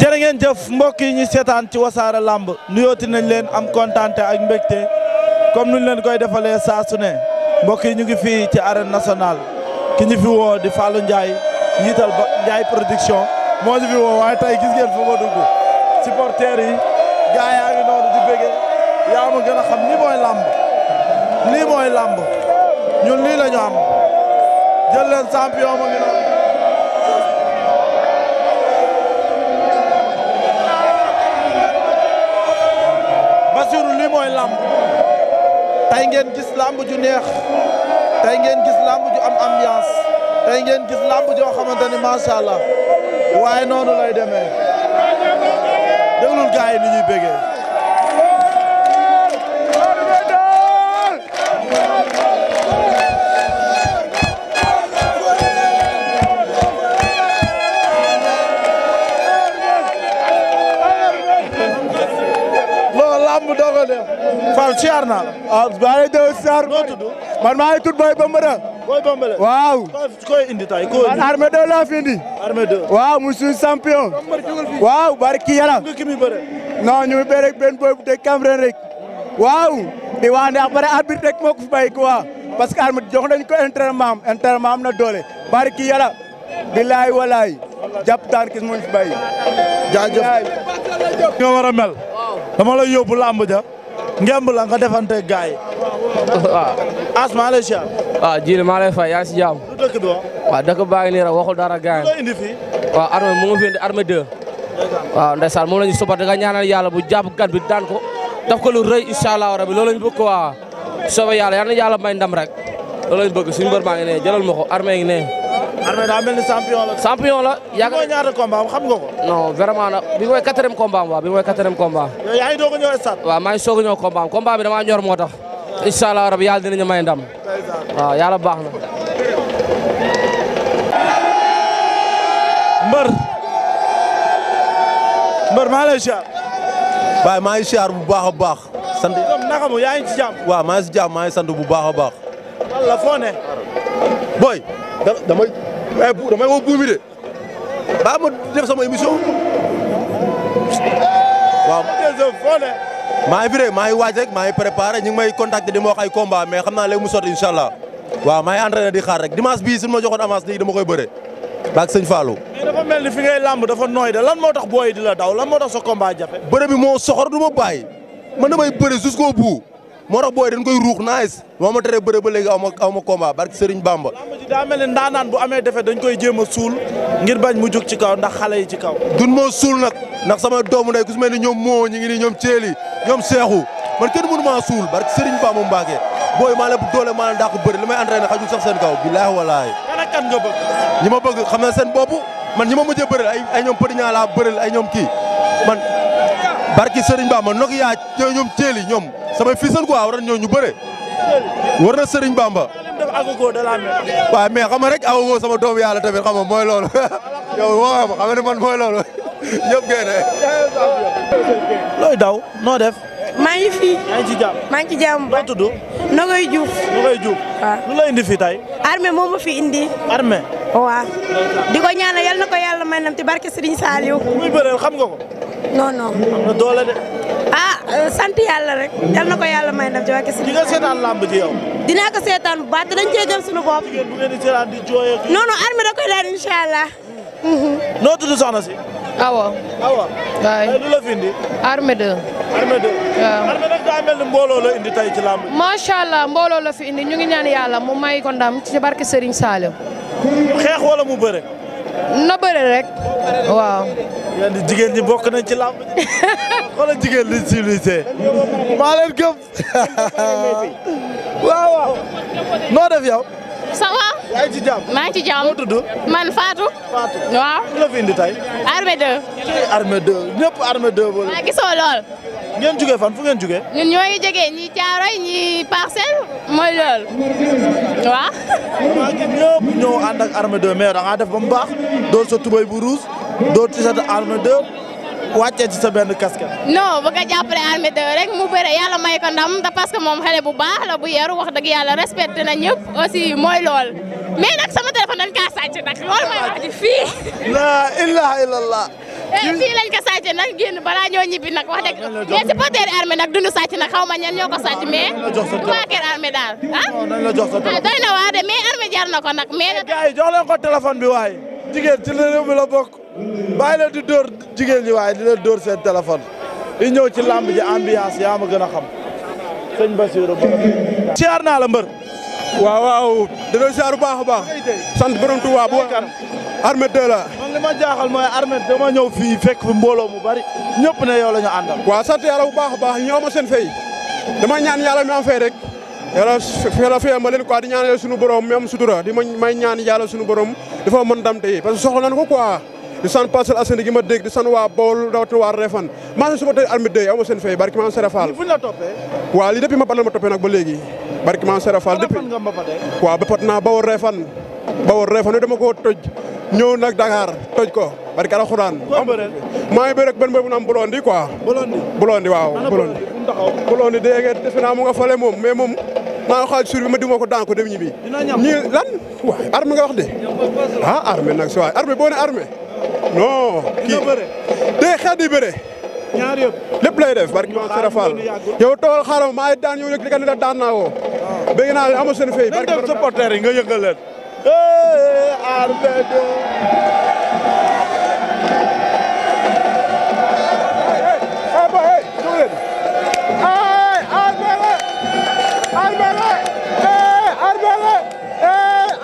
jërë ngeen jëf mbokk yi ñu seetaan ci wasaare lamb nuyooti nañ leen am kontante ak mbégte comme nuñ leen koy defalee saa su ne mbokk yi ñu ngi fii ci arène nationale ki ñu fi woo di Fallou Ndiaye njiital ba Ndiaye production moo ñu fi woo waaye tey gis ngeen fa ma dugg supporters noonu di bëgge yaa ma gën lamb lii lamb ñun lii am jël leen champion ma mooy làmb tey ngeen gis làmb ju neex tey ngeen gis làmb ju am ambiance tey ngeen gis làmb joo xamante ni macha allah waaye noonu lay demee déglul gars ni ñuy bégee. Fall siyaar naa la. waaw ah, maa ngi lay déglu siyaar. noo tudd man maa Boy Bambara. waaw. koy indi tay koy indi. waaw mu suñu champion. waaw barki yàlla. nga ñu ngi bëre benn boy bu dëkk Cameroun waaw. di wax ne après arbitre rek fi bay quoi. parce que armée jox ko entraînement am na doole. barki yàlla. bilaay walaay. jàpp daan kis moo fi bay. jaajëf. nga war a mel. dama lay yóbbu ngemb la nga defante gaay waaw as maa lay siyaar waaw jili maa lay dëkk bi wax waaw dëkk baa ngi nii rek waxul dara gaay la indi fii mu ngi fi indi armée 2 waaw ndeysaan moom la ñu sobat yàlla bu jàpp gat bi daan ko daf ko lu rëy incha allah rabi loolu lañu bëgg ko waaw soobee yàlla yal rek loolu lañu bëgg suñu maa ngi ne jëlal ma ko ngi ne Armé daa mel ni champion la. champion la yàgg mooy ñaata combat am xam nga ko. non vraiment nag bi ko quatrième combat am waaw bi mooy quatrième combat am. yow yaa ngi doog a ñëw stade. waaw maa ngi soog a ñëw combat am combat ñor moo tax. incha allah rabi yàlla dinañu may ndam. waaw yàlla baax na. mbër. maa ngi lay ngi siyaar bu baax a baax. sant naka mu yaa ngi ci jàmm. waaw bu baax a baax. waaye eh, bu damay woo buumi de ba ma def sama émission waaw. maa ngi fi de maa ngi waaj rek maa ngi préparé ñu ngi may contacté di ma wax ay combat mais xam naa léegi mu sotti incha allah waaw maa ngi entraîné di xaar rek dimanche bii suñu ma joxoon avance léegi dama koy bëre baag sëñ Fallou. mais dafa mel ni fi ngay làmb dafa nooy de lan moo tax booy di la daw lan moo tax sa combat jafe. bëre bi moo soxor du ma bàyyi man damay bëre jusqu'au bout moo tax booy dañ koy ruux naaj moo ma teree bëre ba léegi aw ma aw ma combat barke Serigne Bamba daa mel ne ndaanaan bu amee defe dañ koy jéem a suul ngir bañ mu jug ci kaw ndax xale yi ci kaw dun moo suul nag ndax sama doomu ndey ku mel ni ñoom moo ñi ngi nii ñoom ceeli ñoom seexu man kenn mënu suul suul sëriñ Serigne Bamba Mbacké booy maa bu doole maa leen dàq bëri li may entraîné xajul sax seen kaw billaahi wallaahi kan ak kan nga bëgg ñi ma bëgg xam na seen bopp man ñi ma mujjee bëri ay ay ñoom pëdi ñaa laa bëri ay ñoom kii man sëriñ ba Bamba nok yaa ñoom ceeli ñoom samay fii seen quoi war ñoo ñu bëre war na Bamba def agogo de la mer. waaw mais xam nga rek agogo sama doomu yàlla tamit xam mooy loolu yow woo xam nga ne mooy loolu. looy daw noo def. maa ngi fi. maa ngi ci jàmm maa ngi ci jam ba. noo tudd. Nogoy Diouf. Nogoy Diouf. waaw lu lay indi fii moo ma fi indi. armée. waaw. di ko ñaanal na ko yàlla may nam ci barke Serigne Saliou. muy ko. non non. am na doole de. ah euh, sant yàlla rek. yal na ko yàlla may nam ci barke Serigne. di nga seetaan làmb ji yow. dinaa ko seetaan bu baax te dañ cee gëm suñu da koy daal incha noo tudd soxna si. awa. awa waay lu la fi indi. armée ni mbooloo indi tey ci làmb. macha allah mbooloo la fi indi ñu ngi ñaan yàlla mu may ko ndam ci barke Serigne Saliou. xeex wala mu bëre. na bëre rek waaw. yéen di jigéen ñi bokk nañ ci làmb. xoolal jigéen liñ civilisé. maa leen gëm. waaw waaw. noo def yow. ça va. yaa ngi ci jàmm maa ngi ci jàmm. moo tudd. man Fatou. Fatou waaw. ku la fi indi tey. armée 2. tey armée 2 ñëpp armée 2 boole. waaw gisoo lool. ngeen jugee fan fu ngeen jugee. ñun ñoo ngi jógee ñii Caaroy ñii Parcelles mooy lool waaw. maa ngi ñëpp ñëw ànd ak armée 2 mais da ngaa def ba mu baax doon sa tubay bu rouge doon ci sa armée 2. wàccee ci sa benn casquette. non bëgg a jàppale Armé 2 rek mu bëre yàlla may ko ndam te parce que moom xale bu baax la bu yaru wax dëgg yàlla respecté na ñëpp aussi mooy lool mais nag sama téléphone dañ kaa sàcc nag loolu mooy wax ji fii. laa ilaha illallah. Eh, fii lañ ko sàcc nag génn balaa ñoo ñibbi nag wax dëgg mais supporter Armé nag duñu sàcc nag xaw ma ñan ñoo ko sàcc mais du waa kër daal ah. sa ah, doy na waar de mais Armé jar na ko nag mais. Eh, gars ko téléphone bàyyi leen di dóor jigéen ñi waaye di leen dóor seen téléphone di ñëw ci làmb ji ambiance yaa ma gën a xam sëñ Basiirou ba siyaar naa la mbër waaw waaw dañoo siyaar bu baax a baax sant borom Tuubaa bu kan Armé 2 la man li ma jaaxal mooy Armé dama ñëw fii fekk fi mbooloo mu bari ñëpp ne yow la ñu àndal waaw sant yàlla bu baax a baax ñoo ma seen fay dama ñaan yàlla mi am fay rek yàlla yàlla fayal ma leen di ñaan yàlla suñu borom mi am sutura di may ñaan yàlla suñu borom dafa mën damte yi parce que soxla nañu di sant Parcelles Assainies gi ma dégg di sant waa Bawol rawatina waa Refane maa ngi suma tey armée day aw ma seen fay barki maam Sera Fall fu lii depuis ma batal ma toppee nag ba léegi barki maam Sera Fall depuis waaw bapat naa Bawol Refane Bawol Refane yo dama koo toj ñëw nag Dakar toj ko barki alxuraan maa ngi bëre benn mbër bu naan Blondie quoi Blondie waaw Blondie Blondie dégg nga mu nga fale moom mais moom naa xaaj suur bi ma dimoo ko daan ko non kii day xeex di bëre. ñaar yëpp barki moom Serap yow tool xaaral maa ngi daan yow rek li nga ne daan naa woo. waaw bëgg naa leen amul barki dem supporter yi nga yëngal leen. arbitre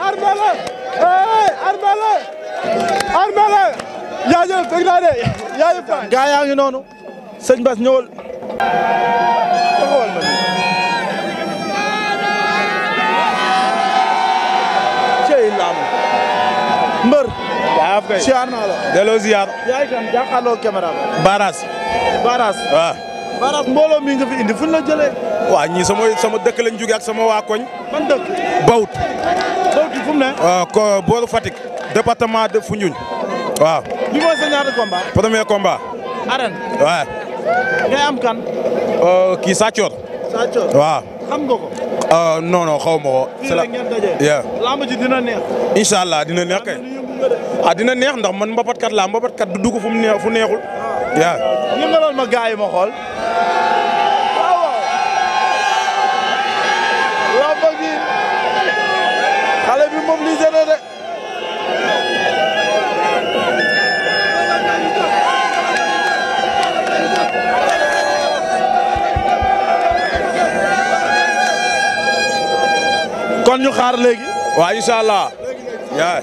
Arbala! Hey, armé la jaajëf dégg naa de jaajëf Faye. gaa yaa noonu sëñ Bass ñëwal. cey laam mbër. waaw kay siyaar naa la. delloo Baras. Baras mbooloo mi nga fi indi fu la jëlee. waa ñii sama sama dëkk lañ jóge ak sama waa koñ. man dëkk Bawti fu mu ne. ko département de Foundiougne. waaw. bi mooy sa ñaata combat. am kan. Euh, kii Sathior. waaw. xam euh, non non xaw ma ko. c'est dina neex. neex kay. ah dina neex ndax man mbapatkat laa mbapatkat du dugg fu mu neex fu neexul. waaw. yëngaloon ma gars ma xool. xale bi mobilisé na de kon ñu xaar léegi waaw incha allah yaay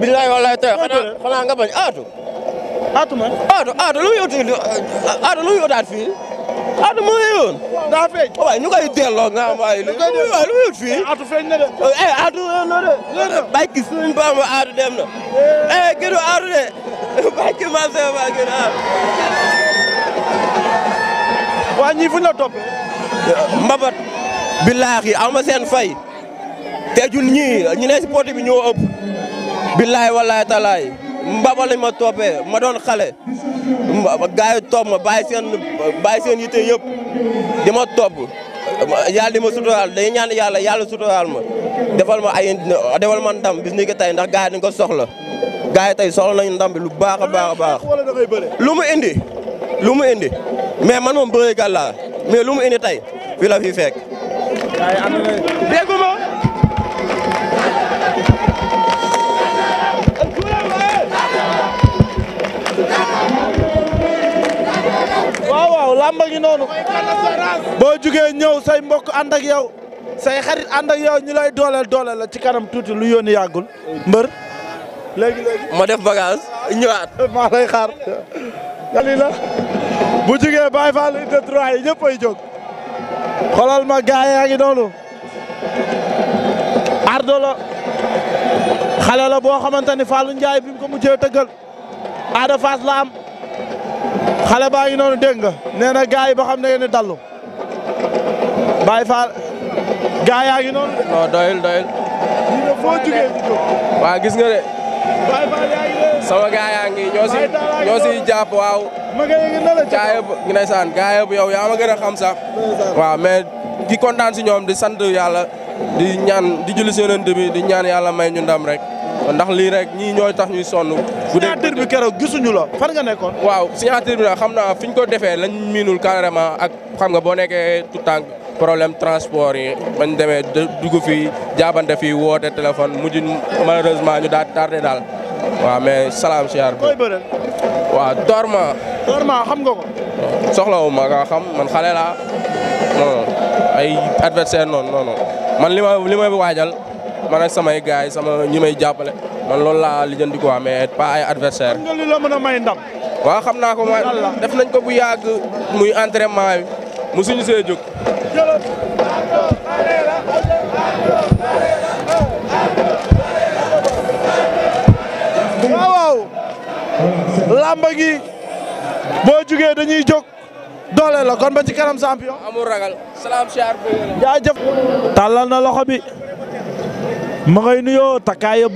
billaay wallaay tey xanaa nga bañ aatu aatu man aatu aatu lu mu yóotu aatu lu mu yóotaat fii Atou mu ngi woon. daa oh, ñu koy delloo nga xam waaye lu lu wut fii. Eh, Atou feeñ na de. eh, eh Atou eh, na de. bàyyi suñu na. eh gënu Atou de bàyyi ma sey ma gënu Atou. waa ñii Mbabat. billaahi aw fay. te ñun ñii ñu ne si porte bi ñoo ëpp. billaahi wallaahi talaay ma toppee ma doon xale. gars yi topp ma bàyyi seen bàyyi seen yitte yëpp di ma topp yàlla di ma suturaal dañuy ñaan yàlla yàlla suturaal ma defal ma ay defal ma ndam bis ni ko tey ndax gars yi soxla gars yi tey soxla nañu ndam bi lu baax a baax a baax lu mu indi lu mu indi mais man moom bëre gàllaa mais lu mu indi tey fii la làmba ngi noonu boo jugee ñëw say mbokk ànd ak yow say xarit ànd ak yow ñu lay dooleel dooleel la ci kanam tuuti lu yónni yàggul mbër léegi léegi ma def bagage ñëwaat maa lay xaar gali la bu jugee Baye Fall de trois yi ñëpp ay jóg ma gaay yaa ngi noonu Ardo la xale la boo xamante ni Fallou Ndiaye bi mu ko mujjee tëggal Ada la am xale baa ngi noonu dégg nga nee na gars yi ba xam ne ngeen di dallu Baye Fall gars yaa ngi noonu. non doyul doyul. ñu gis nga de. Baye Fall yaa ngi de. sama gars yaa ngi ñoo si ñoo si waaw. ma ngi yëngu ne la ca gaa yëpp yaa ma gën xam sax. waaw mais di kontaan si ñoom di sant yàlla di ñaan di julli si yonent di ñaan yàlla may ñu rek ndax lii rek ñii ñooy tax ñuy sonn. signature bi keroog gisuñu la fan nga nekkoon. waaw signature bi nag xam naa fi ñu ko defee lañ miinul carrément ak xam nga boo nekkee tu temps problème transport yi bañ demee dugg fi jaabante fii woote téléphone mujj malheureusement ñu daal tardé daal waa mais salaam siyaar bi. waaw Dorma. Dorma xam nga ko. soxlawu ma nga xam man xale laa ay adversaire noonu non man li ma li may waajal man samay gars yi sama ñi may jàppale. man loolu laa lijjanti quoi mais pas ay adversaire xam mën a may ndam. waaw xam naa ko ma def nañ ko bu yàgg muy entraînement bi mosuñu see jóg. waaw waaw. lamba gi boo jugee dañuy jóg. doole la kon ba ci kanam champion. amul ragal salaam jaajëf. tàllal na loxo bi. ma ngay nuyoo takkaay ya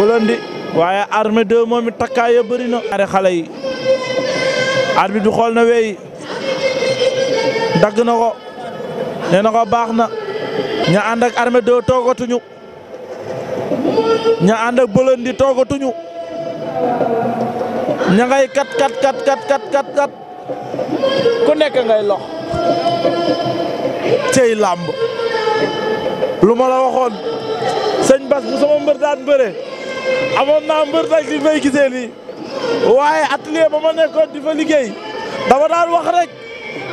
Blondy waaye Armé 2 moom it takkaay ya na. ñaari xale yi arbitre du xool na wey dagg na ko nee na baax na ña ànd ak Armé toogatuñu ña ànd ak toogatuñu ña ngay kat kat kat kat kat ku nekk ngay lox cey làmb lu ma la waxoon sëñ Bas bu sama mbër daan amoon naa mbër tey li may gisee nii waaye atelier ba ma nekkoon di fa liggéey dama daan wax rek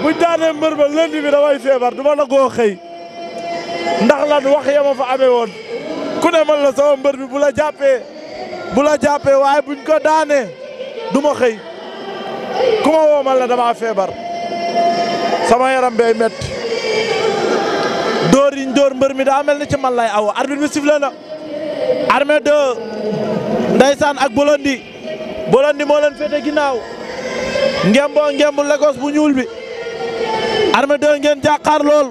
buñ daanee mbër ba lundi bi damay feebar du ma la xëy ndax lan wax ya fa amee woon ku ne man la sama mbër mi bu la jàppee bu la jàppee waaye buñ ko daane duma xëy ku ma woo man la feebar sama yaram bee métti dóor yiñ mbër mi daa mel ni ci man lay aw bi sifflé na Armé 2 ndeysaan ak Bolondi Bolondi moo leen ginnaaw ngemboo ngemb Lagos bu ñuul bi Armé 2 ngeen jàkkaar lool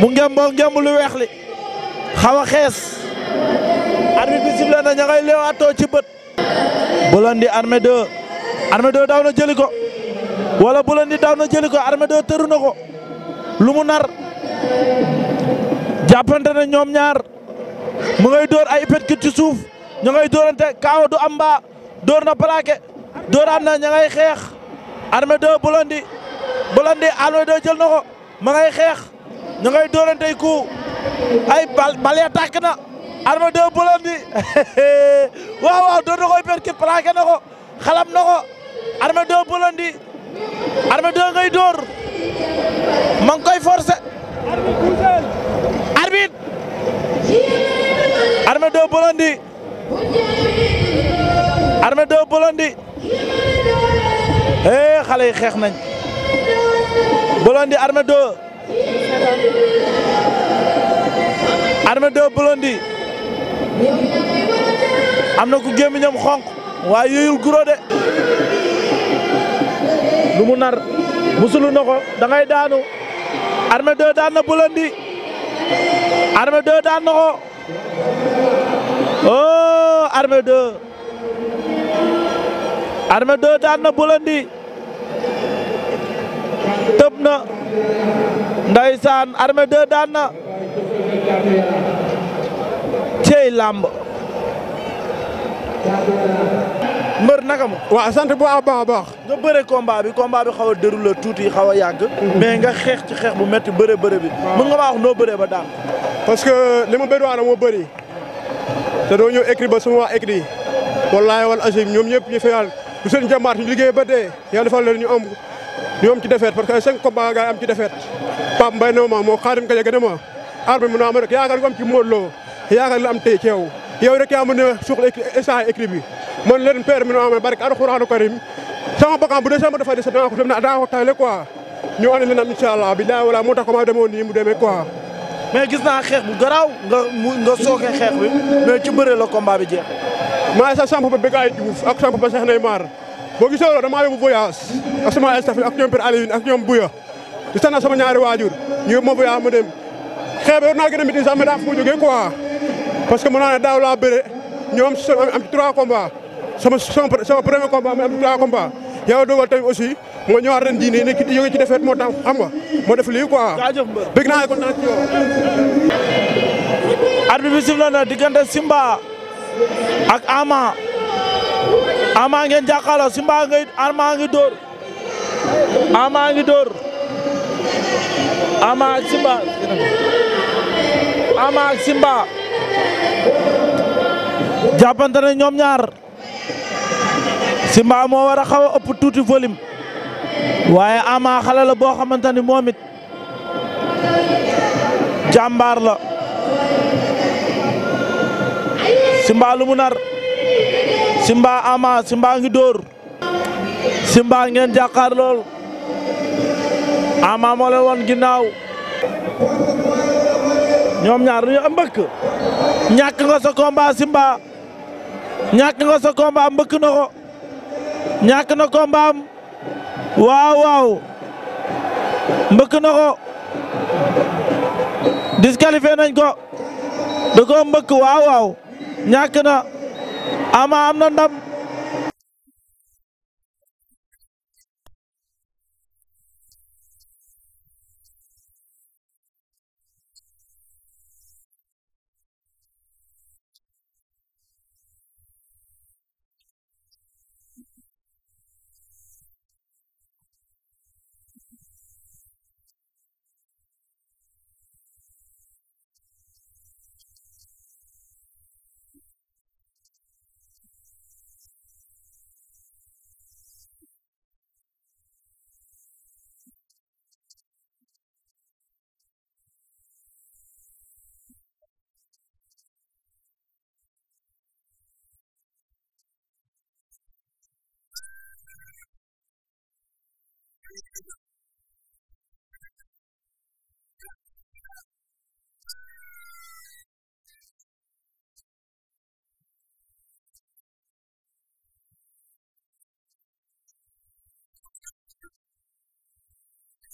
mu ngemboo ngemb lu weex li xaw a xees arbitre bi sifflé na ña ngay léew attoo ci bët Bolondi Armé 2 Armé 2 daw na jëli ko wala daw na jëli ko Armé 2 na ko lu mu nar jàppante na ñoom ñaar mu ngay door ay uppercut ci suuf ñu ngay doorante kaaw du am mbaa door na plaqué dooraat na ña xeex Armé 2 Blondie Blondie Armé 2 jël na ko ma ngay xeex ñu ngay ku ay bal bale tàkk na Armé 2 Blondie waaw waaw door na ko uppercut plaqué na ko xalam na ko Armé 2 Blondie Armé 2 ngay door ma ngi koy forcé Armé 2 Blondy Armé 2 Blondy eh xale yi xeex nañ Blondy Armé 2 Armé 2 Blondy am na ku gémmiñam xonq waaye yuyul guro de lu mu nar musulu na ko daanu Armé 2 daan na Blondy Armé 2 daan na oh Armé 2 Armé 2 daan na Bolandi tëb na ndeysaan Armé 2 daan na cey làmb mbër naka ma. waaw sant bu baax a baax. nga bëre combat bi combat bi xaw a déroulé tuuti xaw a yàgg. Mm-hmm. mais nga xeex ci xeex bu métti bëre bëre bi. mën nga maa noo bëree ba daan. parce que li ma bëri waana moo bëri te doo ñëw écrit ba suma wax écrit wallaay wal asim ñoom ñëpp ñu fayal bu seen jàmbaar ñu liggéey ba dee yàlla defal leen ñu am ñu am ci defet parce que cinq combat nga am ci defet Pape Mbaye ne moo xaadim ka jege ne ma arme mu naa ma rek yaakaar nga am ci Modou Lo yaakaar la am tey ci yow rek yaa mën a suxla instant écrit bi man leen père mi no amee barke alxuraanu karim sama bakkan bu dee sama dafa des danaa ko mais gis naa xeex bu garaaw nga nga xeex bi mais ci bëre la combat bi maa sa samp ba Bécaye Diouf ak samp ba Cheikh Neymar boo gisee loolu damaa yóbbu voyage ak sama staff ak ñoom Père Alioune ak ñoom Bouya di sant sama ñaari waajur ñu yóbbu ma voyage ma dem xeex bi war naa gën a métti sax ma daa jógee quoi parce que mën naa ne daaw laa bëre ñoom am ci trois sama premier combat ma am dogal tamit aussi. nga ñëwaat ren jii nii ne ki di jóge moo tax xam nga moo def lii quoi. jaajëf mbër bëgg naa ko naan ci yow. bi sifflé na diggante Simba ak Ama Ama ngeen jàkkaarloo Simba ngay Ama ngi dóor Ama ngi dóor Ama ak Simba Ama Simba jàppante na ñoom ñaar Simba moo war a xaw a ëpp tuuti volume. waaye Ama xale la boo xamante ni moomit it la Simba lu mu nar Simba Ama Simba ngi dóor Simba ngeen jàkkaar lool Ama moo leen woon ginnaaw ñoom ñaar ñu am mbëkk ñàkk nga sa combat Simba ñàkk nga sa combat mbëkk na ko ñàkk na combat am waaw waaw mbëkk na ko disqualifié nañ ko da mbëkk waaw waaw ñàkk na ama am na ndam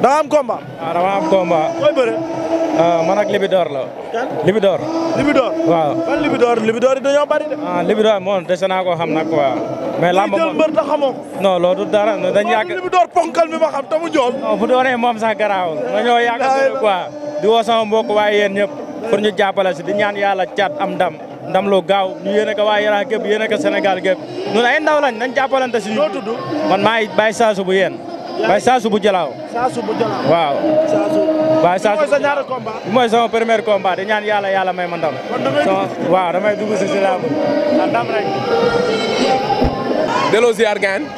da nga am am combat. Ah, mooy bëre. Ah, man ak Libidor la. kan Libidor. Libidor waaw. ban Libidor Libidor yi dañoo bari de. ah Libidor moom dese naa ko xam nag ma xam tamu jool. non bu doonee di woo sama mbokk waaye yéen ñëpp. pour ñu si di ñaan yàlla cat am ndam. ndam lu gaaw ñu yéen a ko waa Yaraax gépp yéen a ko Sénégal gépp ñun lañ nañ jàppalante si ñu. man maay bàyyi saasu Baye Sassou bu Jalaaw. Sassou waaw. Sassou Baye Sassou mooy sa ñaari combat. mooy di ñaan yàlla yàlla may ma ndam. kon waaw damay dugg si si làmb. Ah, ndam rek. delloo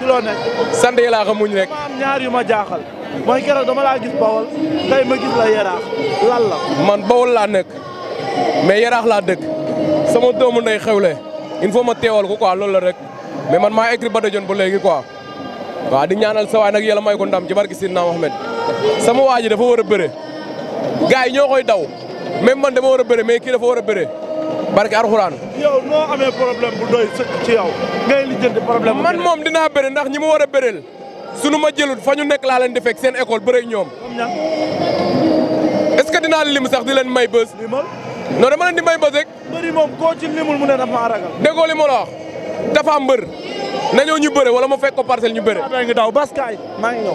loo nekk. muñ rek. ñaar yu ma jaaxal. mooy keroog dama laa gis Bawol tey ma gis la Yaraax lan man Bawol laa nekk mais Yaraax laa dëkk sama doomu ndey xewle il faut ma teewal ko quoi loolu la rek mais man maa écrit Badajon ba léegi quoi. waaw di ñaanal sa waay nag yàlla may ko ndam ci barki Sidna Mohamed sama waa ji dafa war a bëre gars yi ñoo koy daw même man dama war a bëre mais kii dafa war a bëre barki arxuraan. yow noo amee problème bu doy sëkk ci yow ngay lijjanti problème man moom dinaa bëre ndax ñi ma war a bëreel sunu ma jëlut fa ñu nekk laa leen di fekk seen école bëre ñoom. est-ce que dinaa lim sax di leen may bës. limal non dama leen di may bës rek. mbëri moom koo ci limul mu ne dafa maa ragal. déggoo li ma la wax dafa mbër. nañoo ñu bëre wala ma fekk ko parcelle ñu bëre. maa ngi daw baskaay maa ngi ñëw.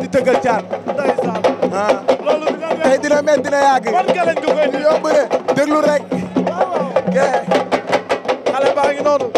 di tëggal caat. ndeysaan ah. loolu dina neex tey dina rek. waaw xale baa ngi noonu.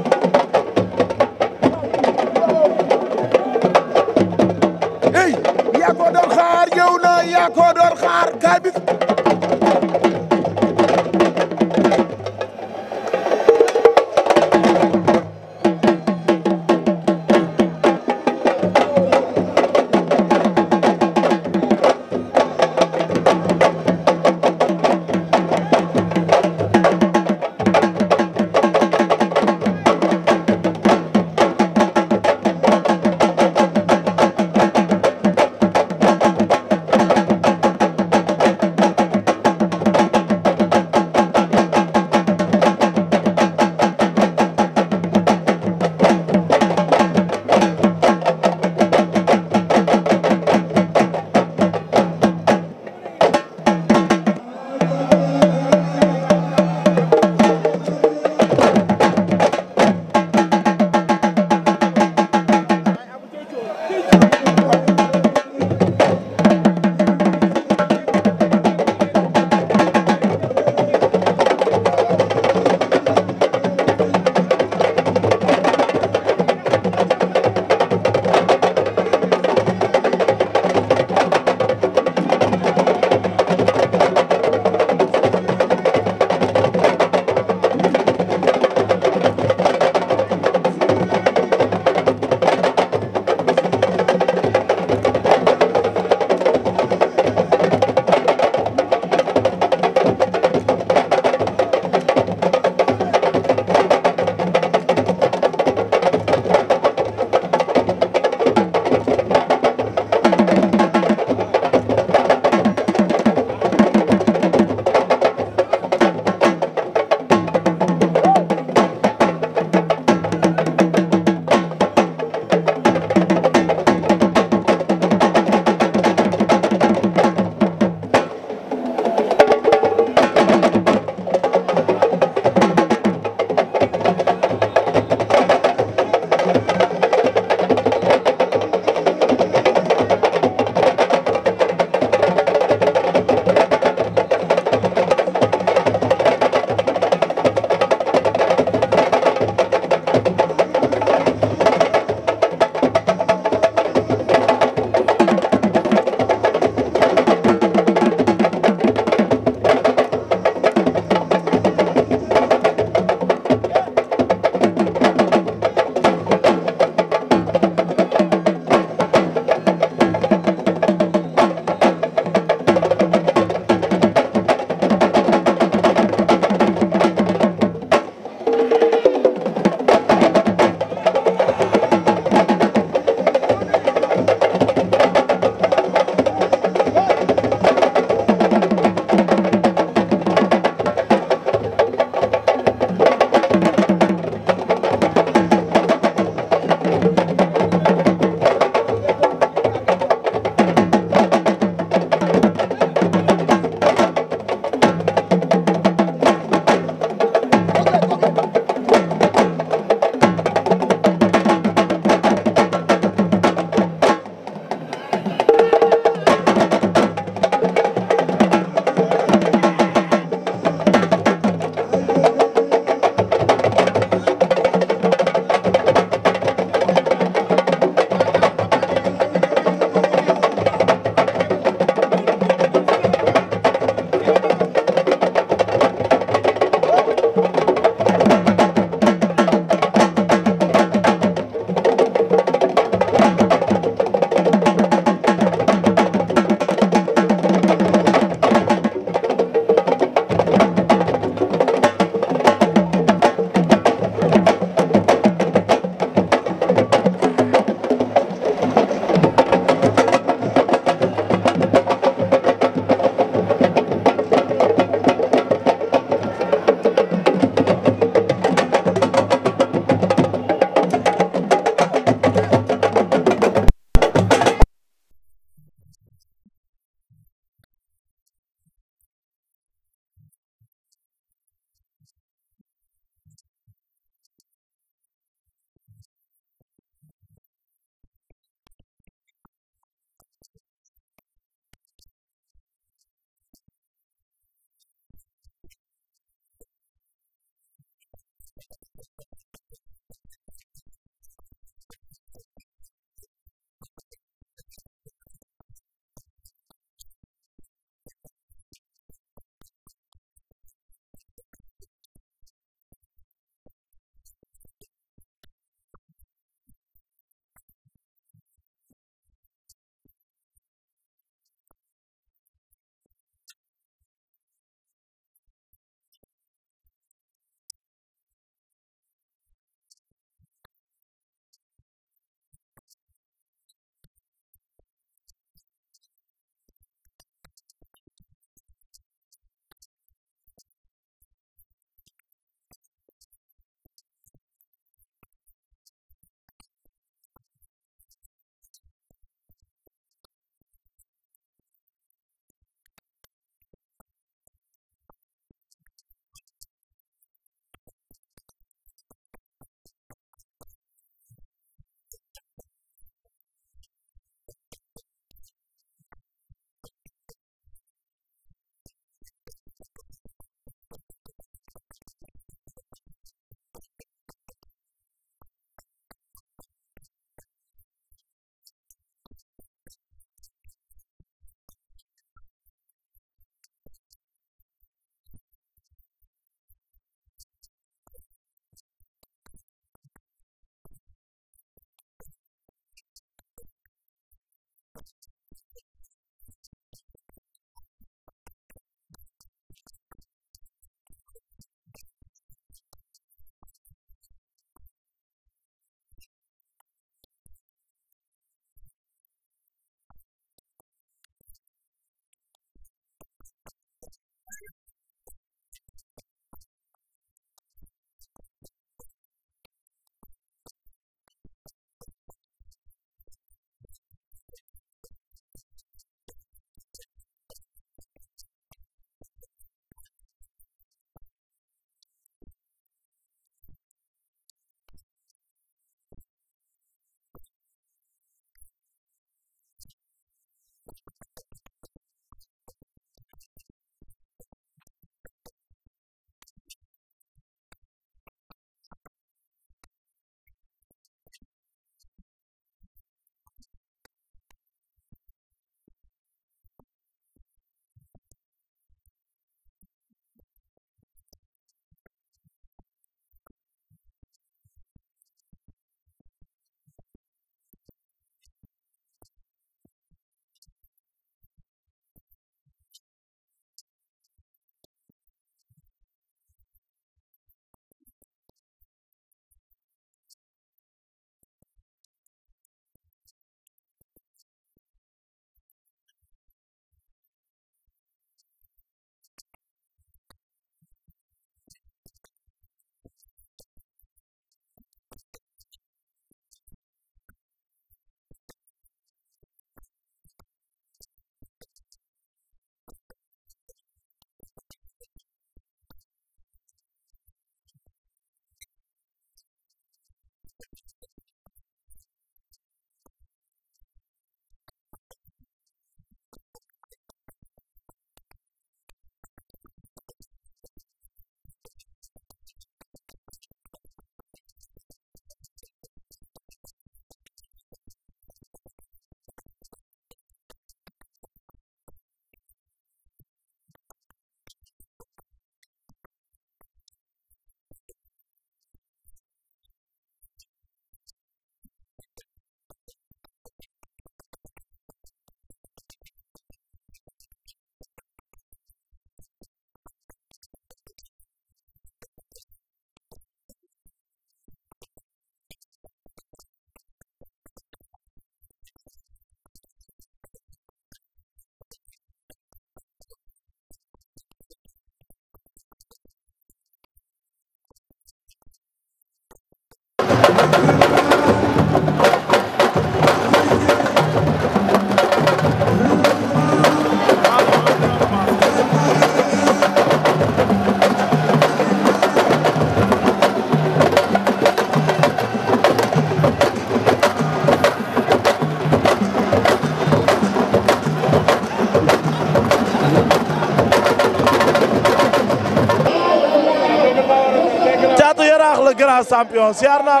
naa champion siyaar naa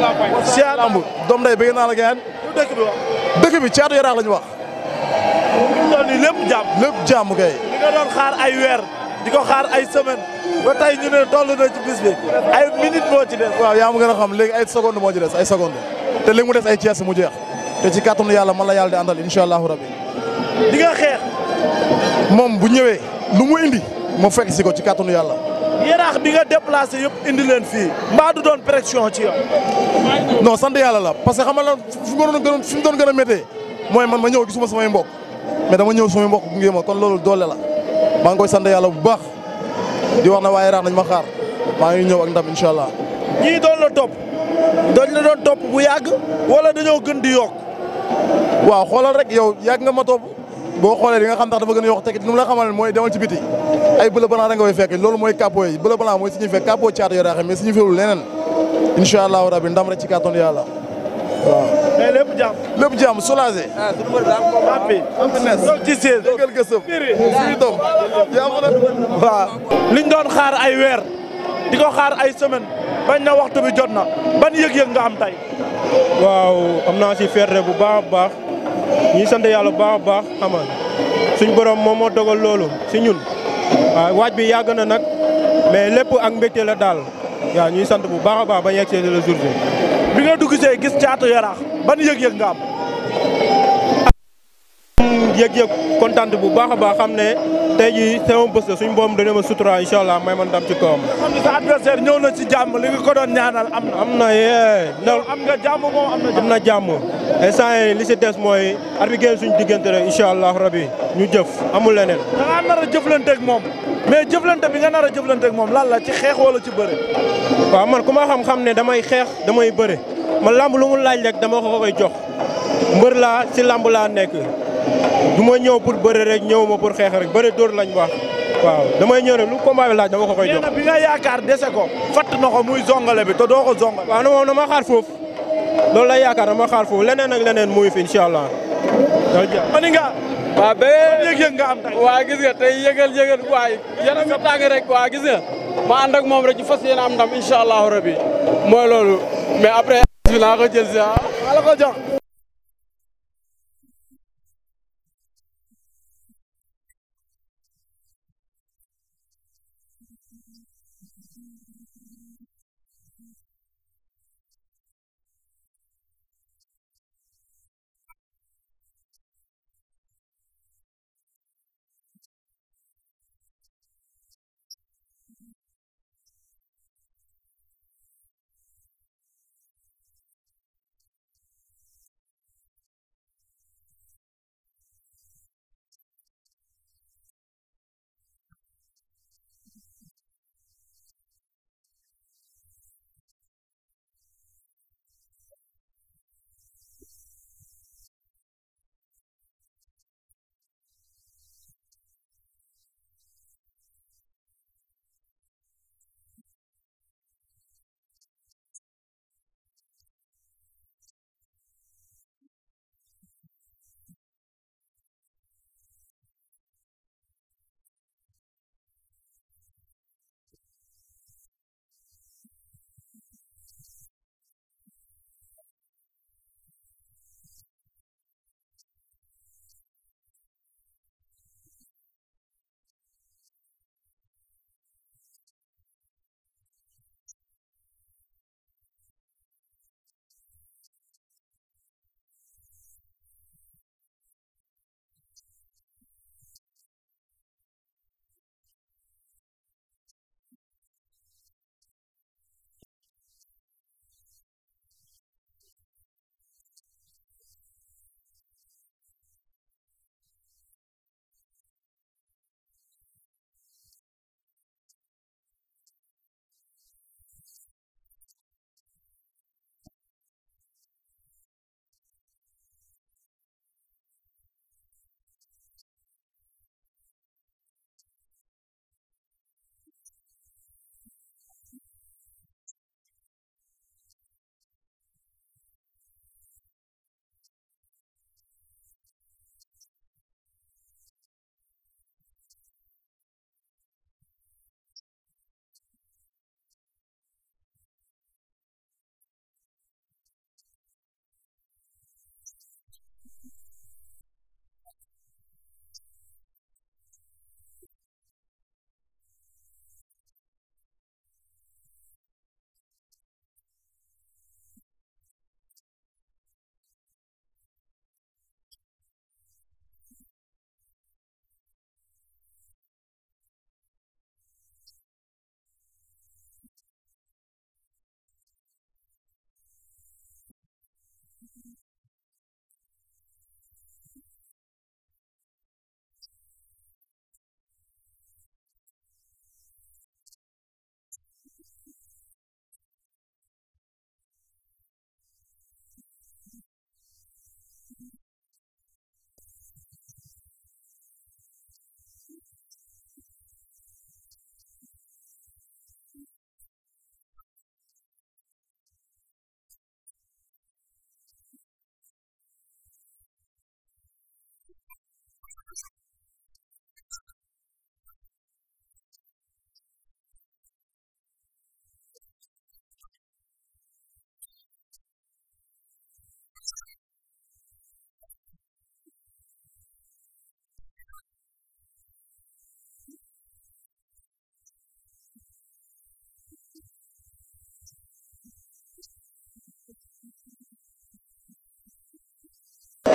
la siyaar doom day bëgg naa la geen dëkk bi wax dëkk bi caatu yaraax la wax li lépp jàmm lépp jàmm kay li nga doon xaar ay weer di ko xaar ay semaine ba tey ñu ne toll na ci bis ay minute moo ci des waaw yaa ma a xam léegi ay seconde moo ci des ay seconde te li mu des ay Cees mu jeex te ci kàttanu yàlla man la yàlla di àndal incha allahu rabbi di nga moom bu ñëwee lu mu indi mu fekk si ko ci kàttanu yàlla yaraax bi nga déplacé yëpp indi leen fii mbaa du doon pression ci yow. non sant yàlla la parce que xam nga fi ma doon gën fi mu doon gën a méttee mooy man ma ñëw gisuma samay mbokk mais dama ñëw samay mbokk gunge ma kon loolu doole la maa ngi koy sant yàlla bu baax di wax na waaye yaraax nañ ma xaar maa ngi ñëw ak ndam incha allah. ñii doon la topp dañ la doon topp bu yàgg wala dañoo gën di yokk. waaw xoolal rek yow yàgg nga ma topp. boo xoolee li nga xam tax dafa gën a yokk tekit nu mu la xamal mooy demal ci biti ay bleu blanc fekk loolu mooy capot yi bleu blanc mooy signifié capot caatu Yaraax mais signifié wul leneen incha allahu rabi ndam rek ci kàttanu yàlla waaw. mais lépp jàmm. lépp jàmm ah, ci seen dëggal gësëm. suñu doom yàlla na. waaw. liñ doon xaar ay weer di xaar ay semaine bañ na waxtu bi jot na ban yëg-yëg nga am tey. waaw am naa si fierté bu baax a baax. ñuy sant yàlla bu baax a baax xam nga suñ borom moom moo dogal loolu si ñun waaw waaj bi yàgg na nag mais lépp ak mbégte la daal yaa ñuy sant bu baax a baax ba yegg see le jour bi. nga dugg gis Caatu Yaraax ban yëg ngaam yëg-yëg kontaan bu baax a baax xam ne te jii sama bés la suñu boom dañoo ma sutura incha allah may man dam ci kawam. xam ñëw na ci jàmm li nga ko doon ñaanal am na. am na yee. am nga jàmm moom na. am na jàmm instant yii li si des mooy at bi génn suñu diggante rek incha allah rabi ñu jëf amul leneen. da ngaa nar moom. mais jëflante bi nga nar a jëflante moom lan la ci xeex wala ci bëre. waaw man ku ma xam-xam ne damay xeex damay bëre man lamb lu mu laaj lek dama ko koy jox laa si lamb laa du ma ñëw pour bëre rek ñëw ma pour xeex rek bëre dóor lañ wax waaw damay ñëw rek lu combat bi laaj dama ko koy jox. nee na bi dese ko. fatt na ko muy zongale bi te doo ko zongale. waaw moom dama xaar foofu loolu lay yaakaar dama xaar foofu leneen ak leneen muy fi incha allah. mani nga. waaw ba yëg-yëg nga am tey. waaw gis nga tey yëgal yëgal waaye yaram yi tàng rek waaw gis nga. ma ànd moom rek ñu fas yéene am ndam incha allahu rabi mooy loolu mais après. naa ko jël si ah. maa la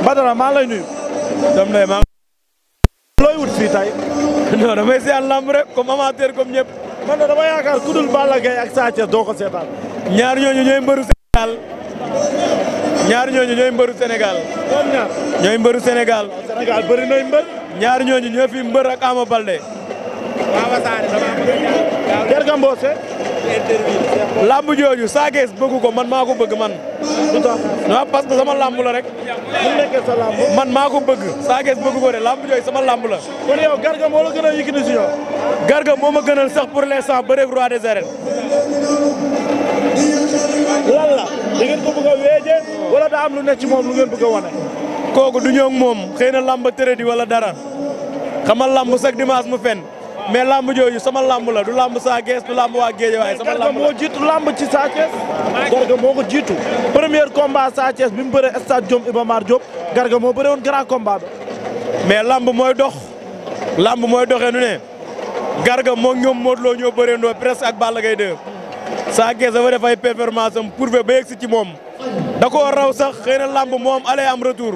Badara maa lay nuyu. dam wut fii tay non damay seetaan lamb rek comme amateur comme ñëpp. man de dama yaakaar ku dul Balla Gaye ak Sa Thiès doo ko seetaan. ñaar ñooñu ñooy mbëru Sénégal. ñaar ñooñu ñooy mbëru Sénégal. ñoom ñaar ñooy mbëru Sénégal. Sénégal bëri ñoo fi mbër ak Ama Baldé. Garga Mbossé lamb jooju bëgg ko man maa ko bëgg man lu tax non ah, parce que sama lamb la rek bu nekkee sa man maa ko bëgg Sa Thiès bëgg ko de lamb sama lamb la kon yow Garga moo la gën a Yékini Junior Garga moo ma gënal sax pour l'instant bëreeg roi des arènes lan la da ngeen ko bëgg a weeje wala daa lu nekk ci moom lu ngeen bëgg a wane kooku du ñëw moom xëy tërëdi wala dara xamal lamb sax dimanche mu fen mais lamb jooju sama lamb la du lamb Sa Thiès du lamb waa Guédiawaye sama lamb moo jiitu lamb ci Sa Thiès Garga moo ko jiitu premier combat Sa bi mu bëre stade Diom Iba Mar Garga moo bëre woon grand combat ba mais lamb mooy dox lamb mooy doxee nu ne Garga moom ñoom Modou Lo ñoo bëreendoo presque ak Balla Gaye 2 Sa Thiès dafa def ay performance am ci moom da koo raw sax xëy na lamb moom allez am retour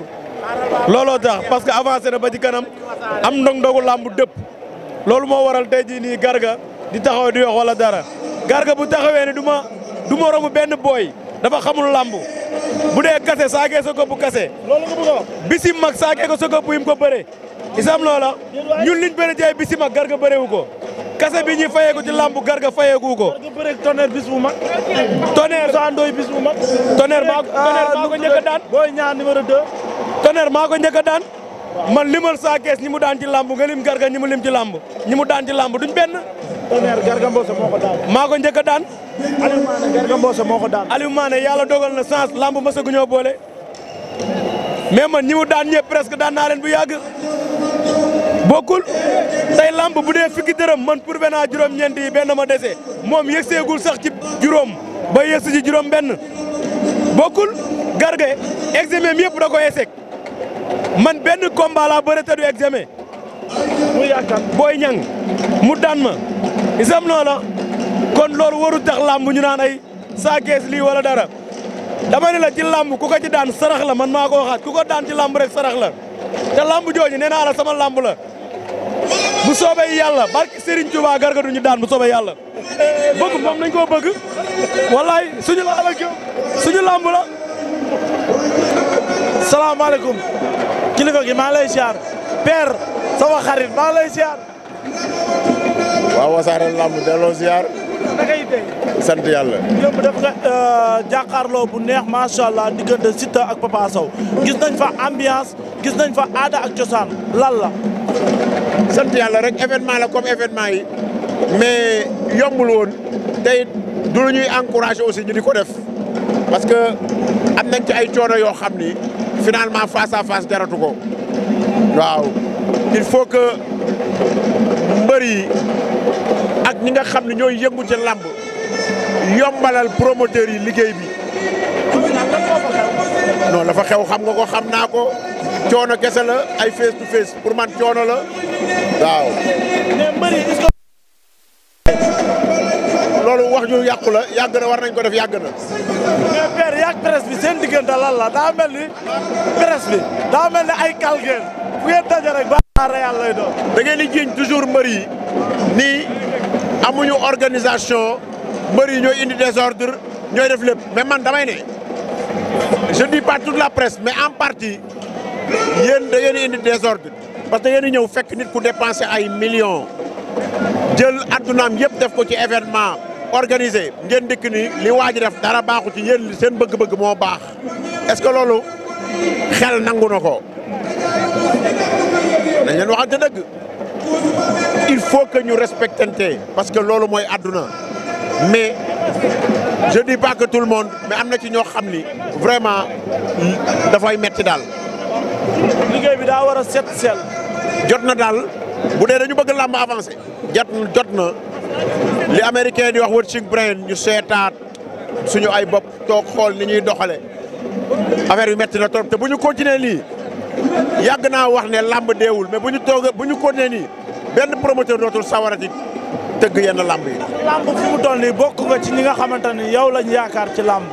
looloo tax parce que avancé ba ci kanam am ndog-ndogu lamb loolu moo waral tey ji nii garga di taxaw di wax wala dara garga bu taxawee ni du ma du romu benn booy dafa xamul làmb bu dee kase saakee sa kopp kase. loolu nga bëgg a wax. bisim ko sa kopp ko bëree. isam loola ñun liñ bëri jaay bisim mag garga bëreewu ko. kase bi ñuy fayeeku ci làmb garga fayeeku ko. garga bëreeg tonnerre bu mag. tonnerre saa ndooy bis ko njëkk a daan. booy ñaar numéro 2. tonnerre maa ko njëkk a daan. man limal saa ñi mu daan ci làmb nga lim garga ñi mu lim ci làmb ñi mu daan ci làmb duñ benn. tonnerre maa ko njëkk daan. Aliou Mané garga mboose moo daan. Aliou Mané dogal na chance làmb mësa gu ñoo boole mais man ñi mu daan ñëpp presque daan naa leen bu yàgg. bokkul tey lamb bu dee fukki dërëm man pour benaa juróom-ñeent yi benn ma dese moom yëgseegul sax ci juróom ba yëgsi ci juróom benn bokkul garga examen yëpp da ko échec man benn combat laa bëre te du examen booy ñang mu daan ma isam noo la kon loolu waru tax làmb ñu naan saa kees lii wala dara dama ne la ci làmb ku ko ci daan sarax la man maa ko waxaat ku ko daan ci làmb rek sarax la te làmb jooju nee naa sama làmb la bu soobee yàlla barke Serigne Touba Garga du ñu daan bu soobee yàlla bëgg moom nañ koo bëgg wallaay suñu la alal suñu làmb la salaamaaleykum kilifa gi maa ngi lay ziar père sama xarit maa lay ziar. waaw Wassare Lamb delloo ziar. sant yàlla. yëpp def nga euh, jàkkaarloo bu neex macha allah diggante Siteu ak Papa gis nañ fa ambiance gis nañ fa aada ak cosaan lan la. sant yàlla rek événement la comme événement yi mais yombul woon tey du ñuy encouragé aussi ñu di ko def. parce que am nañ ci ay coono yoo xam ni finalement face à face jaratu ko waaw il faut que mbër yi ak ñi nga xam ne ñooy yëngu ci làmb yombalal promoteur yi liggéey bi non la fa xew xam nga ko xam naa ko coono kese la ay face to face pour man coono la waaw wax yàqu la yàgg war nañ ko def yàgg na. mais père bi seen diggante la daa mel ni presse bi daa mel ni ay kàl ngeen fu ngeen da ngeen di jiiñ toujours mbër nii amuñu organisation mbër yi ñooy indi désordre ñooy def lépp mais man damay ne je dis pas la presse mais en partie yéen da ngeen di indi désordre parce que da ngeen ñëw fekk nit ku dépenser ay millions. jël addunaam yëpp def ko ci événement organisé ngeen dikk ni li waa ji def a baaxu ci yéen seen bëgg-bëgg moo baax est-ce que loolu xel nangu na ko dañ leen waxante dëgg il faut que ñu respectante parce que loolu mooy àdduna mais je dis pas que tout le monde mais am na ci ñoo xam ni vraiment dafay metti daal. liggéey daa war a set jot na daal bu dee dañu bëgg làmb avancé jot jot na. li américain di wax watching brain ñu seetaat suñu ay bopp toog xool ni ñuy doxale afaire bi metti na trop te bu ñu continuer nii yàgg naa wax ne làmb deewul mais bu ñu toogee bu ñu ne nii benn promoteur dootul sawarati tëgg yenn làmb yi. làmb fu mu toll nii bokk nga ci ñi nga xamante ni yow lañ yaakaar ci làmb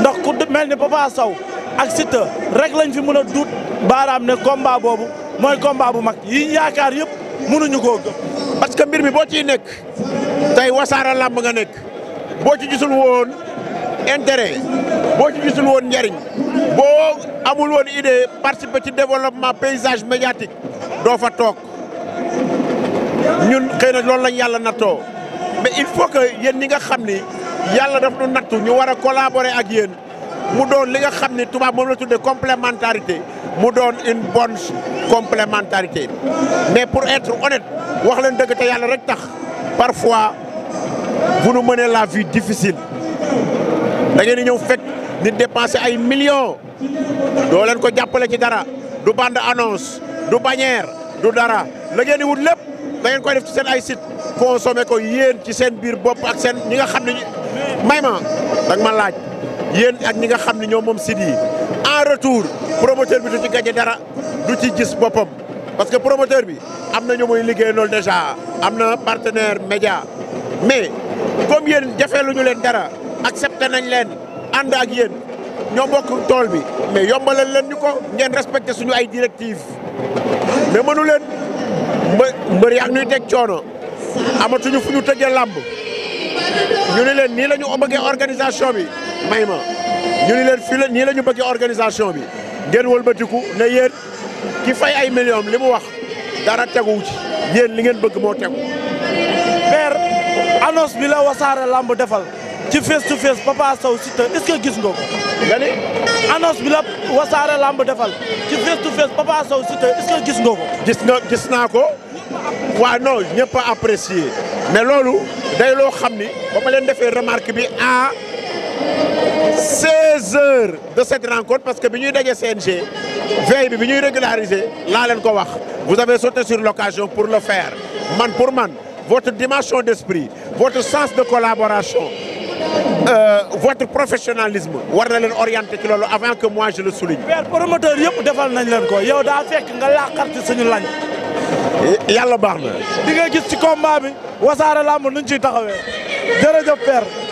ndax ku mel ni Papa Sow ak Siteu rek lañ fi mën a duut baaraam ne combat boobu mooy combat bu mag yi yaakaar yëpp mënuñu koo gëm. parce que mbir mi boo ciy nekk tey wasaara làmb nga nekk boo ci gisul woon intérêt boo ci gisul woon njariñ boo amul woon idée participer ci développement paysage médiatique doo fa toog ñun xëy na loolu lañ yàlla nattoo mais il faut que yéen ñi nga xam ni yàlla daf nu nattu ñu war a collaborer ak yéen mu doon li nga xam ni tubaab moom la tuddee complémentarité mu doon une bonne complémentarité mais pour être honnête wax leen dëgg yàlla rek tax parfois vous nous menez la vie difficile da ngeen di ñëw fekk nit dépenser ay millions doo leen ko jàppale ci dara du bande annonce du bannière du dara la ngeen di wut lépp da ngeen koy def ci seen ay site consommé ko yéen ci seen biir bopp ak seen ñi nga xam ne may ma danga ma laaj yéen ak ñi nga xam ne ñoom moom site yi en retour promoteur bi du ci gaje dara du ci gis boppam parce que promoteur bi am na ñu muy liggéey loolu déjà am na partenaire média mais comme yéen jafeelu ñu leen dara accepté nañ leen ànd yéen ñoo bokk tool bi mais yombalal leen ñu ko ñeen respecté suñu ay directives mais mënu leen mbë mbër yaa ngi ñuy teg coono amatuñu fu ñu tëjee làmb ñu ne leen nii la ñu bëggee organisation bi. may ma ñu ni leen fii la nii la bëggee organisation bi ngeen wëlbatiku ne yéen ki fay ay millions li mu wax dara teguwu ci yéen li ngeen bëgg moo tegu. père annonce bi la wasaare làmb defal ci face to face Papa Sow Siteu est gis nga ko. nga ni annonce bi la wasaare lamb defal ci face to face gis nga ko. gis nga gis naa ko. waaw non ñëpp a apprécié mais loolu day loo xam ni ba ma leen defee remarque bi ah l'heure de cette rencontre parce que bi ñuy dajee CNG veille bi bi ñuy régulariser laa leen ko wax vous avez sauté sur l'occasion pour le faire man pour man votre dimension d'esprit votre sens de collaboration euh, votre professionnalisme war leen orienté ci loolu avant que moi je le souligne. père promoteur yëpp defal nañ leen ko yow daa fekk nga laakarti suñu lañ. yàlla baax na. di gis ci combat bi wasaare lamb nuñ ciy taxawee jërëjëf père.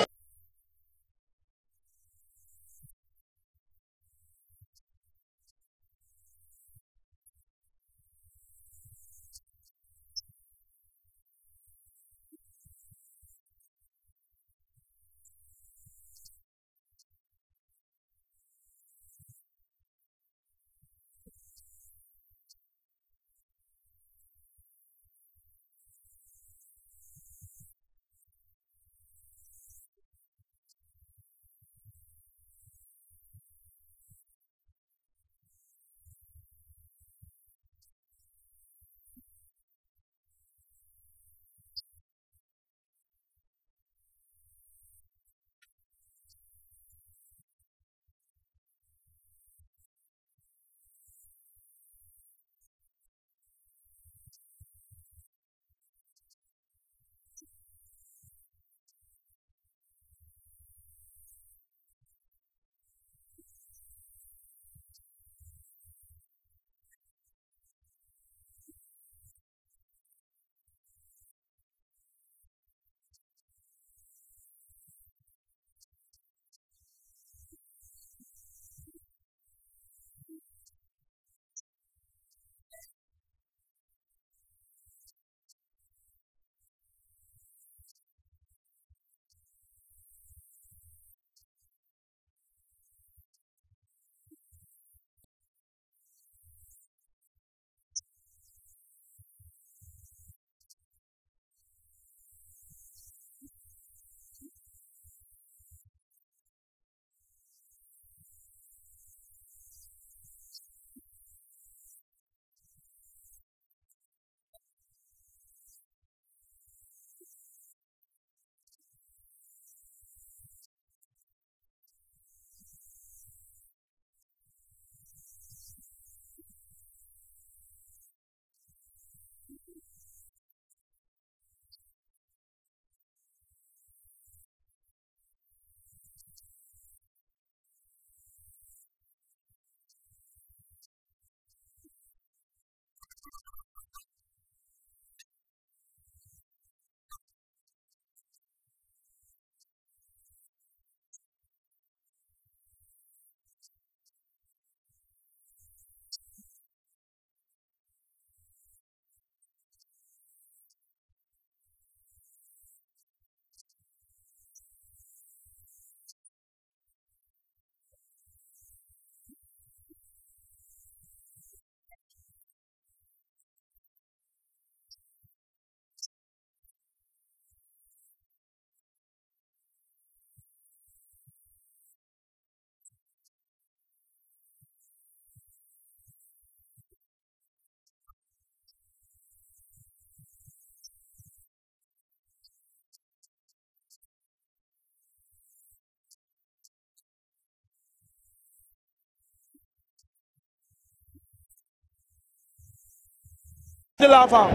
di la fa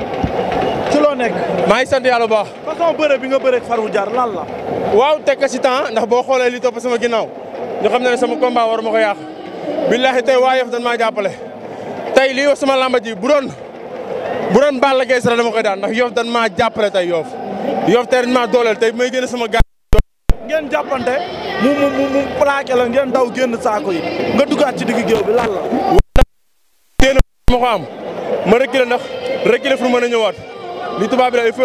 ci loo nekk. maa ngi sant yàlla bu baax. façon bëre bi nga bëre ak Farou Diar lan la. waaw teg ko si temps ndax boo xoolee li topp sama ginnaaw ñu xam ne sama combat war ma ko yàq. billahi tey waa Yoff dan maa jàppale tey li wax sama lamba ji bu doon bu doon Balla Gaye sax dama koy daan ndax Yoff dan maa jàppale tey Yoff Yoff tey dañ maa dooleel tey may génn sama gars. ngeen jàppante mu mu mu mu plaqué ngeen daw génn saako yi nga duggaat ci digg géew bi lan la. ma ko am ma reculer pour mën a ñëwaat li tubaab bi la il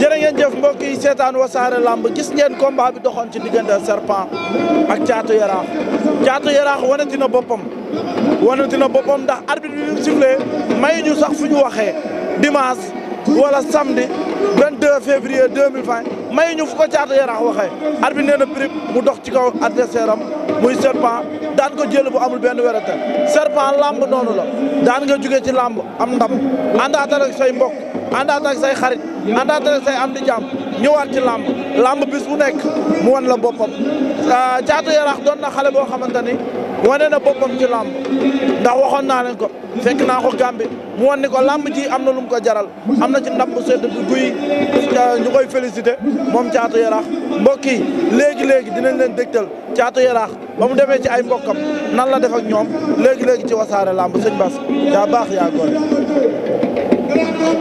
jërë ngeen jëf mbokk yi seetaan wasaare lamb gis ngeen combat bi doxoon ci diggante serpent ak caatu yaraax caatu yaraax wanati na boppam wanati na boppam ndax arbitre bi ñu sifflé may sax fu ñu waxee dimanche wala samedi 22 février 2020 may ñu ko caatu yaraax waxee arbitre nee na prip mu dox ci kaw adversaire am muy serpent daan ko jël bu amul benn werante serpent lamb noonu la daan nga jóge ci làmb am ndam àndaatal ak say mbokk àndaatal ak say xarit àndaatal ak say am di jàmm ñëwaat ci lamb lamb bis bu nekk mu wan la boppam euh, caatu yaraax doon na xale boo xamante ni wane na boppam ci lamb ndax waxoon naa ko fekk naa ko Gambie mu wan ni làmb ji am na lu mu ko jaral am na ci ndam bu sedd bu guy ñu koy félicité moom Caatu Yaraax mbokk yi léegi léegi dinañ leen dégtal Caatu Yaraax ba mu demee ci ay mbokkam nan la def ak ñoom léegi léegi ci wasaare làmb sëñ Bass yaa baax yaa góor